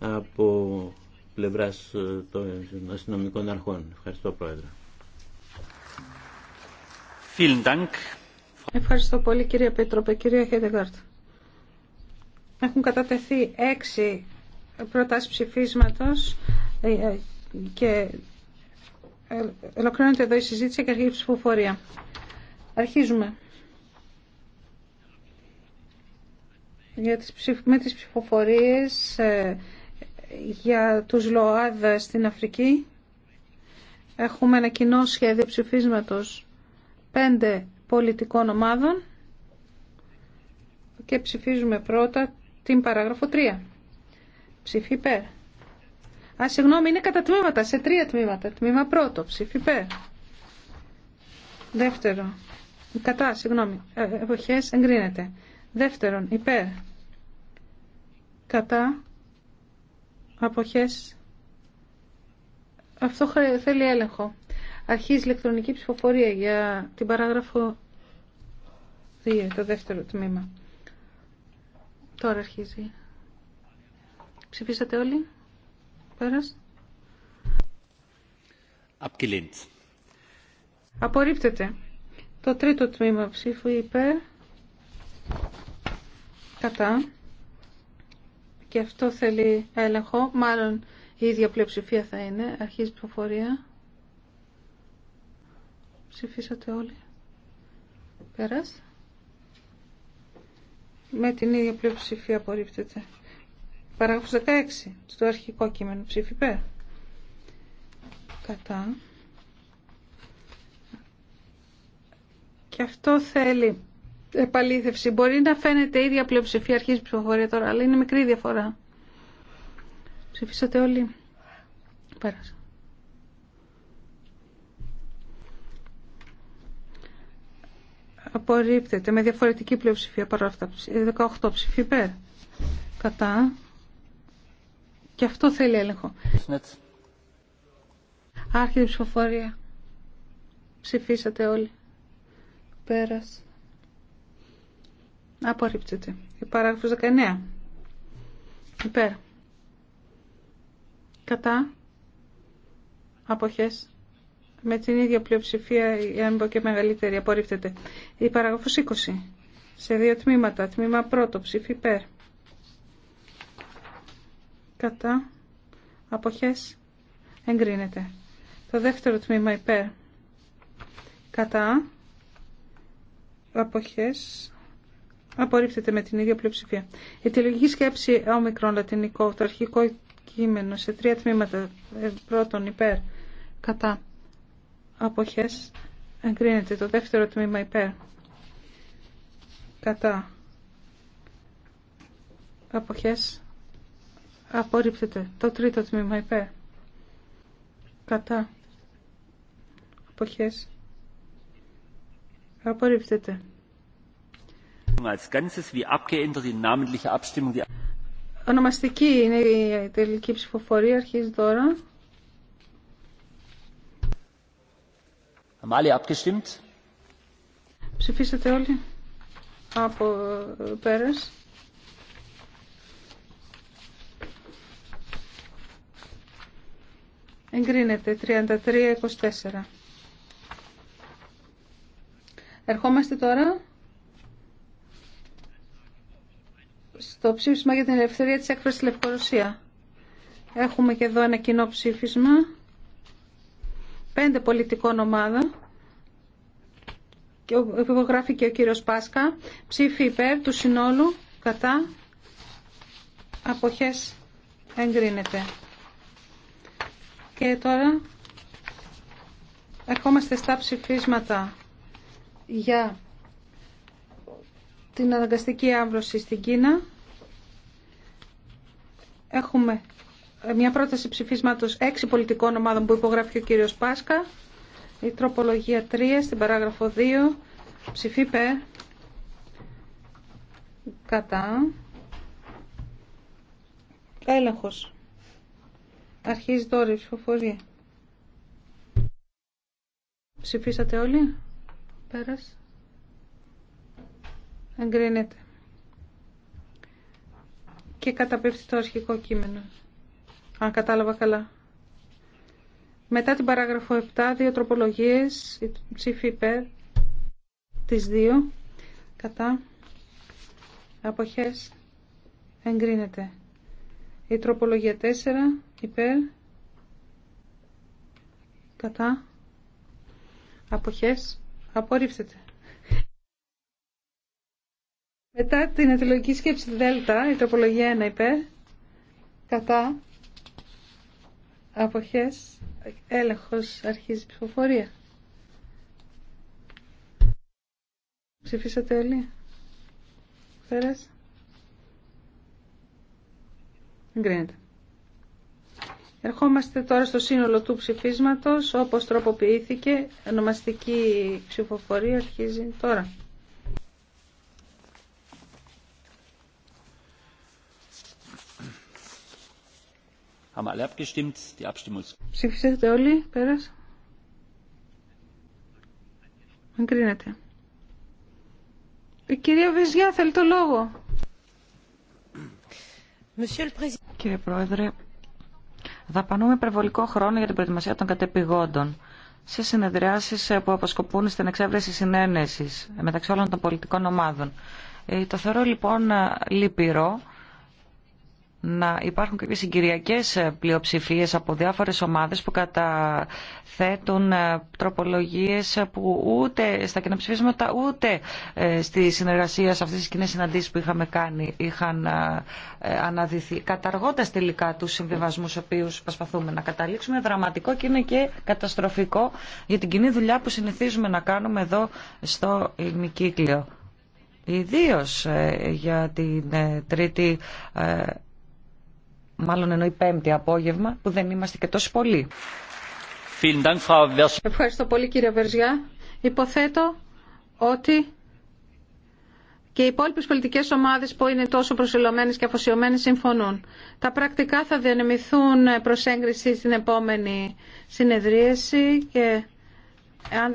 από πλευράς ε, των αστυνομικών αρχών. Ευχαριστώ Πρόεδρε. Ευχαριστώ πολύ κύριε Πίτροπε, κύριε Χέντεγκάρτ. Έχουν κατατεθεί έξι προτάσεις ψηφίσματος ε, ε, και ολοκληρώνεται εδώ η συζήτηση και αρχίζει η ψηφοφορία. Αρχίζουμε. Για τις, με τις ψηφοφορίες για τους ΛΟΑΔΑ στην Αφρική. Έχουμε ένα κοινό σχέδιο ψηφίσματος πέντε πολιτικών ομάδων και ψηφίζουμε πρώτα την παράγραφο 3. Ψήφι ΠΕΡ. Α, συγγνώμη, είναι κατά τμήματα, σε τρία τμήματα. Τμήμα πρώτο, ψήφι ΠΕΡ. Δεύτερο, κατά, συγγνώμη, εποχές εγκρίνεται. Δεύτερον, ΠΕΡ Κατά, αποχές. Αυτό θέλει έλεγχο. Αρχίζει ηλεκτρονική ψηφοφορία για την παράγραφο 2, το δεύτερο τμήμα. Τώρα αρχίζει. Ψηφίσατε όλοι. Πέρας. Απορρίπτεται. Το τρίτο τμήμα ψήφου υπέρ. Κατά και αυτό θέλει έλεγχο, μάλλον η ίδια πλειοψηφία θα είναι, αρχίζει η ψηφοφορία. Ψηφίσατε όλοι. Πέρας. Με την ίδια πλειοψηφία απορρίπτεται. Παράγραφος 16, στο αρχικό κείμενο, Ψήφιπε. Κατά. Και αυτό θέλει επαλήθευση. Μπορεί να φαίνεται η ίδια πλειοψηφία αρχής ψηφοφορία τώρα, αλλά είναι μικρή διαφορά. Ψηφίσατε όλοι. Πέρασα. Απορρίπτεται με διαφορετική πλειοψηφία παρόλα αυτά. 18 ψηφί υπέρ. Κατά. Και αυτό θέλει έλεγχο. η ψηφοφορία. Ψηφίσατε όλοι. Πέρασε. Απορρίπτεται. Η παράγραφος 19. Υπέρ. Κατά. Αποχές. Με την ίδια πλειοψηφία, ή αν και μεγαλύτερη, απορρίπτεται. Η παράγραφος 20. Σε δύο τμήματα. Τμήμα πρώτο. Ψήφι υπέρ. Κατά. Αποχές. Εγκρίνεται. Το δεύτερο τμήμα υπέρ. Κατά. Αποχές Απορρίπτεται με την ίδια πλειοψηφία. Η τελική σκέψη όμικρον λατινικό, το αρχικό κείμενο σε τρία τμήματα. Ε, πρώτον υπέρ, κατά, αποχές, εγκρίνεται. Το δεύτερο τμήμα υπέρ, κατά, αποχές, απορρίπτεται. Το τρίτο τμήμα υπέρ, κατά, αποχές, απορρίπτεται. Ονομαστική είναι η τελική ψηφοφορία, αρχίζει τώρα. Ψηφίσατε όλοι από πέρας. Εγκρίνεται 33-24. Ερχόμαστε τώρα στο ψήφισμα για την ελευθερία της έκφρασης στη Λευκορωσία. Έχουμε και εδώ ένα κοινό ψήφισμα. Πέντε πολιτικών ομάδων. Και υπογράφει και ο κύριος Πάσκα. Ψήφι υπέρ του συνόλου κατά αποχές εγκρίνεται. Και τώρα ερχόμαστε στα ψηφίσματα για την αναγκαστική άμβλωση στην Κίνα. Έχουμε μια πρόταση ψηφίσματος έξι πολιτικών ομάδων που υπογράφει ο κύριος Πάσκα. Η τροπολογία 3 στην παράγραφο 2 Ψηφίπε κατά έλεγχος. Αρχίζει τώρα η ψηφοφορία. Ψηφίσατε όλοι. Πέρασε. Εγκρίνεται. Και καταπέφτει το αρχικό κείμενο. Αν κατάλαβα καλά. Μετά την παράγραφο 7, δύο τροπολογίες, η ψήφη υπέρ, τις δύο, κατά, αποχές, εγκρίνεται. Η τροπολογία 4, υπέρ, κατά, αποχές, απορρίφθεται. Μετά την αιτιολογική σκέψη Δέλτα, η τροπολογία 1 υπέρ, κατά, αποχές, έλεγχος, αρχίζει η ψηφοφορία. Ψηφίσατε όλοι. Ερχόμαστε τώρα στο σύνολο του ψηφίσματος, όπως τροποποιήθηκε, ονομαστική ψηφοφορία αρχίζει τώρα. Ψήφισατε όλοι, πέρας. Εγκρίνεται. Η κυρία Βεζιά θέλει το λόγο. Κύριε Πρόεδρε, δαπανούμε υπερβολικό χρόνο για την προετοιμασία των κατεπηγόντων σε συνεδριάσεις που αποσκοπούν στην εξέβρεση συνένεσης μεταξύ όλων των πολιτικών ομάδων. Ε, το θεωρώ λοιπόν λυπηρό να υπάρχουν κάποιες συγκυριακές ε, πλειοψηφίες από διάφορες ομάδες που καταθέτουν ε, τροπολογίες που ούτε στα κοινά ψηφίσματα ούτε ε, στη συνεργασία σε αυτές τις κοινές συναντήσεις που είχαμε κάνει είχαν αναδυθεί καταργώντας τελικά τους συμβιβασμούς οποίους προσπαθούμε να καταλήξουμε δραματικό και είναι και καταστροφικό για την κοινή δουλειά που συνηθίζουμε να κάνουμε εδώ στο ημικύκλιο. Ιδίω για την τρίτη μάλλον εννοεί πέμπτη απόγευμα, που δεν είμαστε και τόσο πολλοί. Ευχαριστώ πολύ κύριε Βερζιά. Υποθέτω ότι και οι υπόλοιπε πολιτικέ ομάδε που είναι τόσο προσιλωμένε και αφοσιωμένε συμφωνούν. Τα πρακτικά θα διανεμηθούν προ έγκριση στην επόμενη συνεδρίαση και αν